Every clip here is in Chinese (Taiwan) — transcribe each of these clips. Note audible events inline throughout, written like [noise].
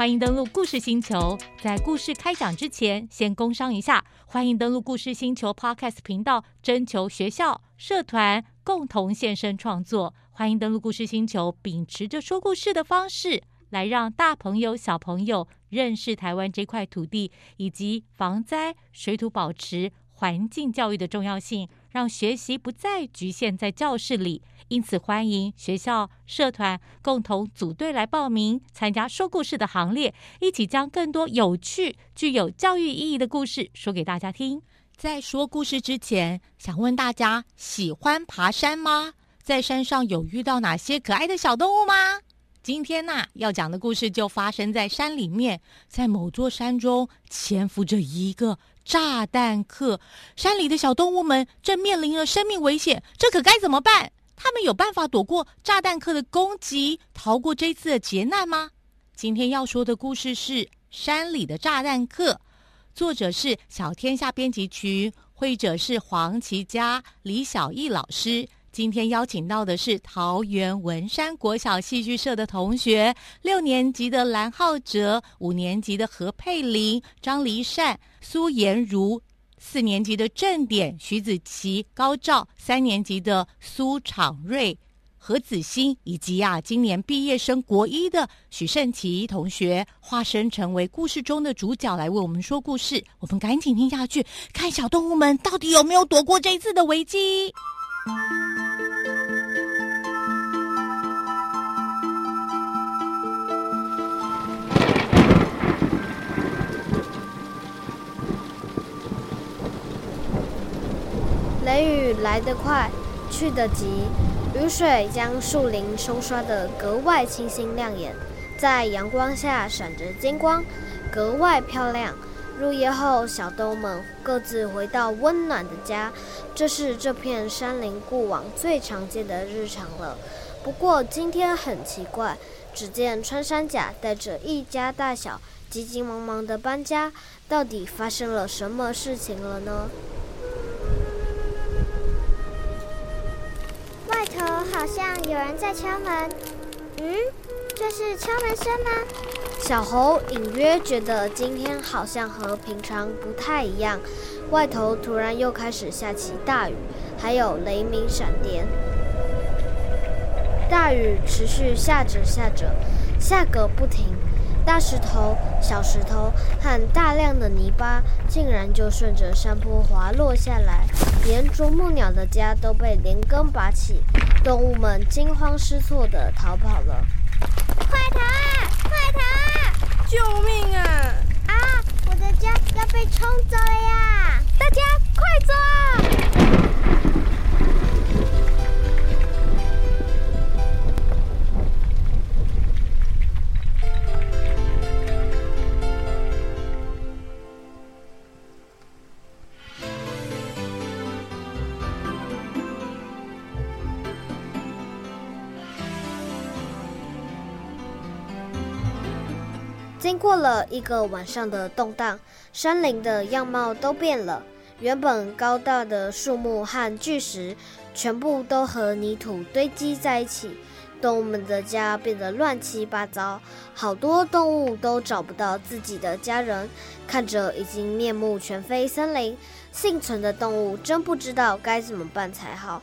歡迎登錄故事星球。在故事開講之前，先工商一下：歡迎登錄故事星球 Podcast 頻道，徵求學校、社團共同現身創作。歡迎登錄故事星球，秉持着說故事的方式來讓大朋友、小朋友認識台灣這塊土地，以及防災、水土保持、環境教育的重要性。讓學習不再局限在教室裡，因此歡迎學校、社團共同組隊來報名參加說故事的行列，一起將更多有趣、具有教育意義的故事說給大家聽。在說故事之前，想問大家：喜歡爬山嗎？在山上有遇到哪些可愛的小動物嗎？今天呢、啊，要講的故事就發生在山裡面，在某座山中潛伏着一個。炸彈客，山裡的小動物們正面臨了生命危險，這可該怎麼辦？他們有辦法躲過炸彈客的攻擊，逃過這次的劫難嗎？今天要說的故事是《山裡的炸彈客》，作者是小天下編輯群，繪者是黃其佳、李小逸老師。今天邀請到的是桃園文山國小戲劇社的同學，六年級的藍皓哲，五年級的何沛玲、張黎善。蘇姸如、四年級的鄭典、許子騏、高照，三年級的蘇昶睿、何梓寧，以及啊今年畢業生國一的許勝騏同學，化身成為故事中的主角來為我們說故事。我們趕緊聽下去，看小動物們到底有沒有躲過這一次的危機。雷雨來得快，去得急，雨水將樹林沖刷得格外清新亮眼，在陽光下閃着金光，格外漂亮。入夜後，小豆們各自回到溫暖的家，這是這片山林過往最常見的日常了。不過今天很奇怪，只見穿山甲帶着一家大小急急忙忙的搬家，到底發生了什麼事情了呢？好像有人在敲門。嗯，這是敲門聲嗎？小猴隱約覺得今天好像和平常不太一樣。外頭突然又開始下起大雨，還有雷鳴閃電。大雨持續下着下着，下個不停。大石頭、小石頭和大量的泥巴，竟然就順着山坡滑落下來，連啄木鳥的家都被連根拔起。動物們驚慌失措地逃跑了。快逃啊！快逃啊！救命啊！啊，我的家要被衝走了呀！大家快走啊！經過了一個晚上的動盪，山林的樣貌都變了。原本高大的樹木和巨石，全部都和泥土堆積在一起，動物們的家變得亂七八糟。好多動物都找不到自己的家人，看着已經面目全非森林，倖存的動物真不知道該怎麼辦才好。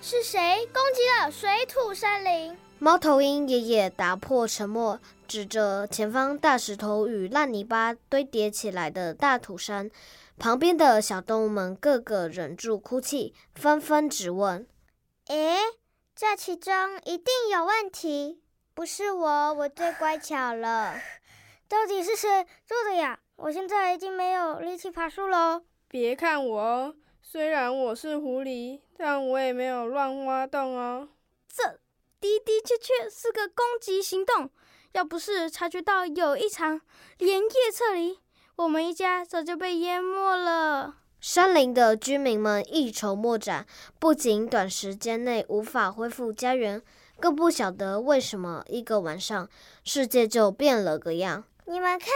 是誰攻擊了水土山林？貓頭鷹爺爺打破沉默，指着前方大石頭與爛泥巴堆疊起來的大土山。旁邊的小動物們個個忍住哭泣，紛紛質問：“誒，這其中一定有問題！不是我，我最乖巧了。 [laughs] 到底是誰做的呀？我現在已經沒有力氣爬樹了哦。別看我哦，雖然我是狐狸，但我也沒有亂挖洞哦。這……的的確確是個攻擊行動，要不是察覺到有異常，連夜撤離，我們一家早就被淹沒了。山林的居民們一籌莫展，不僅短時間內無法恢復家園，更不曉得為什麼一個晚上世界就變了個樣。你們看，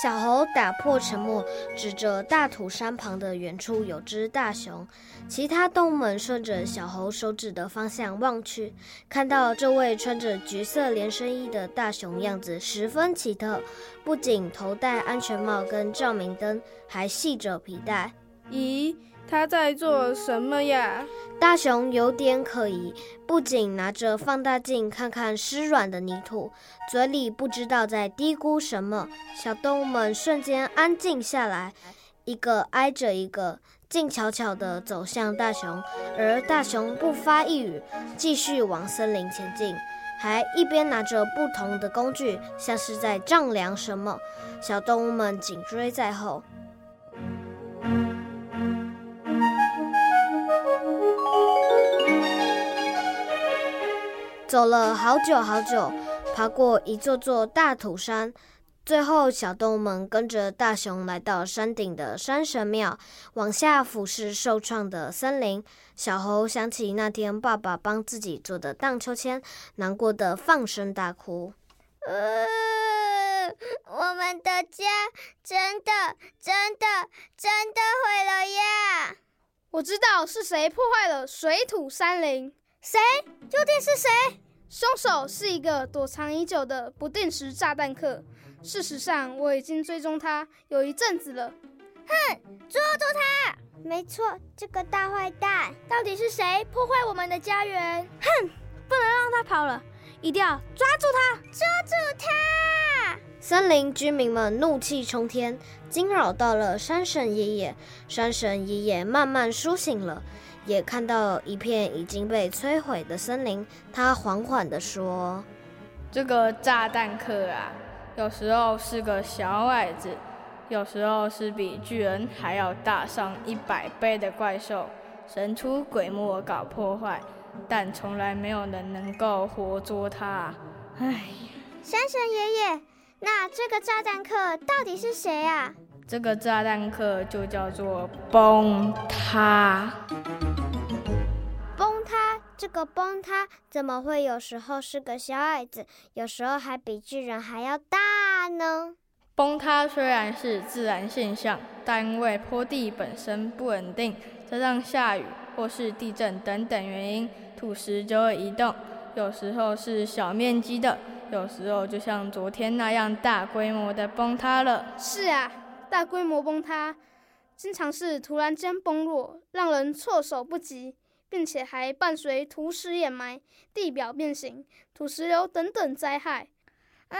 小猴打破沉默，指着大土山旁的遠處有只大熊。其他動物們順着小猴手指的方向望去，看到這位穿着橘色連身衣的大熊，樣子十分奇特。不僅頭戴安全帽跟照明燈，還繫着皮帶。咦、嗯？他在做什麼呀？大熊有點可疑，不僅拿着放大鏡看看濕軟的泥土，嘴裡不知道在嘀咕什麼。小動物們瞬間安靜下來，一個挨着一個，靜悄悄地走向大熊，而大熊不發一語，繼續往森林前進，還一邊拿着不同的工具，像是在丈量什麼。小動物們緊追在後。走了好久好久，爬過一座座大土山，最後小動物們跟着大熊來到山頂的山神廟，往下俯視受創的森林。小猴想起那天爸爸幫自己做的盪秋千，難過的放聲大哭。呃。我們的家真的真的真的毀了呀，我知道是誰破壞了水土山林，誰，究竟是誰？兇手是一個躲藏已久的不定時炸彈客。事實上，我已經追蹤他有一陣子了。哼，捉住他！沒錯，這個大壞蛋到底是誰破壞我們的家園？哼，不能讓他跑了，一定要抓住他！捉住他！森林居民們怒氣沖天，驚擾到了山神爺爺。山神爺爺慢慢甦醒了。也看到一片已經被摧毀的森林，他緩緩地說：“這個炸彈客啊，有時候是個小矮子，有時候是比巨人還要大上一百倍的怪獸，神出鬼沒搞破壞，但從來沒有人能夠活捉他。哎呀，山神爺爺，那這個炸彈客到底是誰啊？這個炸彈客就叫做崩塌。”這個崩塌怎麼會有時候是個小矮子，有時候還比巨人還要大呢？崩塌雖然是自然現象，但因為坡地本身不穩定，加上下雨或是地震等等原因，土石就會移動。有時候是小面積的，有時候就像昨天那樣大規模的崩塌了。是啊，大規模崩塌，經常是突然間崩落，讓人措手不及。並且還伴隨土石掩埋、地表變形、土石流等等災害。唉，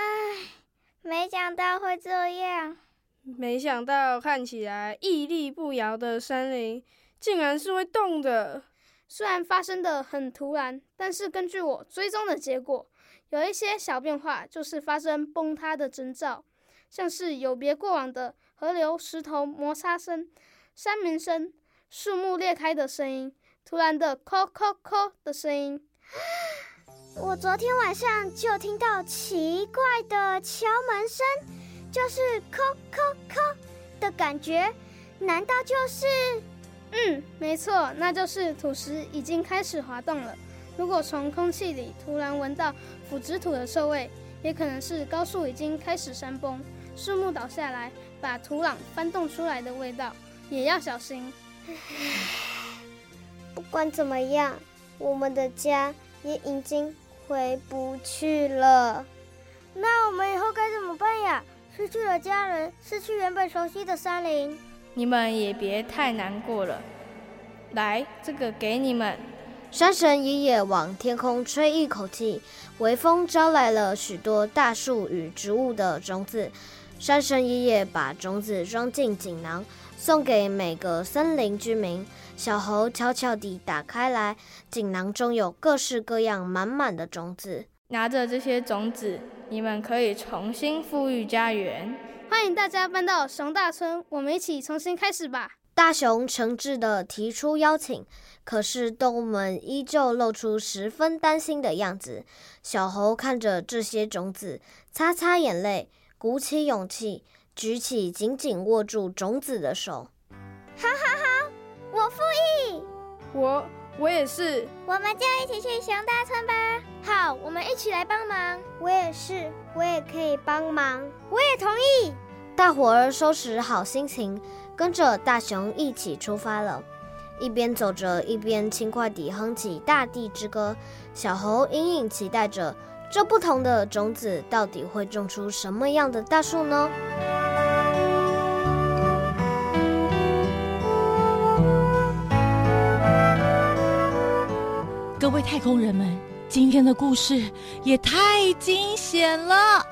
沒想到會這樣。沒想到，看起來屹立不搖的山林，竟然是會動的。雖然發生得很突然，但是根據我追蹤的結果，有一些小變化，就是發生崩塌的徵兆，像是有別過往的河流、石頭摩擦聲、山鳴聲、樹木裂開的聲音。突然的“叩叩叩”的聲音，我昨天晚上就聽到奇怪的敲門聲，就是“叩叩叩”的感覺。難道就是？嗯，沒錯，那就是土石已經開始滑動了。如果從空氣裡突然聞到腐殖土的臭味，也可能是高處已經開始山崩，樹木倒下來把土壤翻動出來的味道，也要小心。嗯。不管怎麼樣，我們的家也已經回不去了。那我們以後該怎麼辦呀？失去了家人，失去原本熟悉的森林，你們也別太難過了。來，這個給你們。山神爺爺往天空吹一口氣，微風招來了許多大樹與植物的種子。山神爺爺把種子裝進錦囊，送給每個森林居民。小猴悄悄地打開來，錦囊中有各式各樣、滿滿的種子。拿着這些種子，你們可以重新富裕家園。歡迎大家搬到熊大村，我們一起重新開始吧。大熊誠摯地提出邀請，可是動物們依舊露出十分擔心的樣子。小猴看着這些種子，擦擦眼淚，鼓起勇氣，舉起緊緊握住種子的手。哈哈哈。我我也是，我們就一起去熊大村吧。好，我們一起來幫忙。我也是，我也可以幫忙。我也同意。大夥兒收拾好心情，跟着大熊一起出發了。一邊走着，一邊輕快地哼起《大地之歌》。小猴隱隱期待着，這不同的種子到底會種出什麼樣的大樹呢？各位太空人們，今天的故事也太驚險了！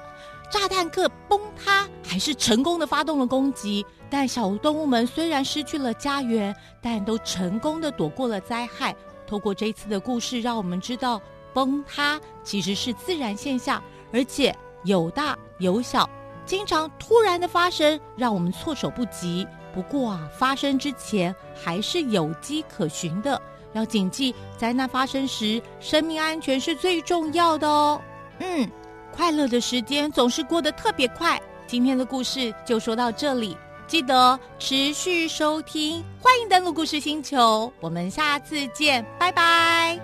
炸彈客崩塌還是成功的發動了攻擊，但小動物們雖然失去了家園，但都成功的躲過了災害。透過這次的故事，讓我們知道崩塌其實是自然現象，而且有大有小，經常突然的發生，讓我們措手不及。不過啊，發生之前還是有跡可循的。要謹記，災難發生時，生命安全是最重要的哦。嗯，快樂的時間總是過得特別快。今天的故事就說到這裡，記得持續收聽，歡迎登錄故事星球，我們下次見，拜拜。